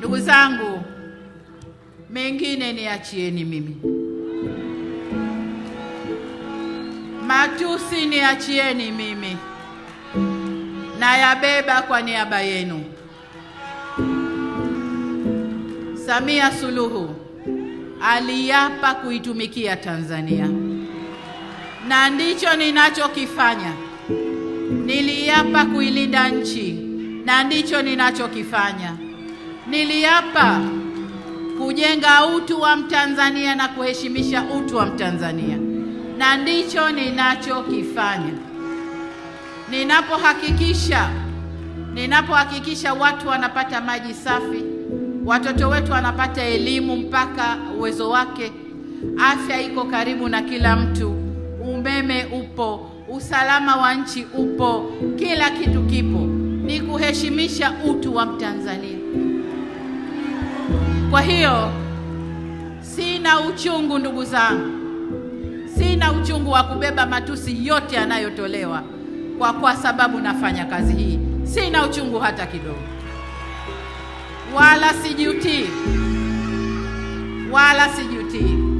Ndugu zangu, mengine niachieni mimi, matusi niachieni mimi, nayabeba kwa niaba yenu. Samia Suluhu aliapa kuitumikia Tanzania na ndicho ninachokifanya. Niliapa kuilinda nchi na ndicho ninachokifanya. Niliapa kujenga utu wa Mtanzania na kuheshimisha utu wa Mtanzania, na ndicho ninachokifanya ninapohakikisha ninapohakikisha watu wanapata maji safi, watoto wetu wanapata elimu mpaka uwezo wake, afya iko karibu na kila mtu, umeme upo, usalama wa nchi upo, kila kitu kipo, ni kuheshimisha utu wa Mtanzania. Kwa hiyo sina uchungu ndugu zangu, sina uchungu wa kubeba matusi yote yanayotolewa kwa, kwa sababu nafanya kazi hii, sina uchungu hata kidogo, wala sijutii, wala sijutii.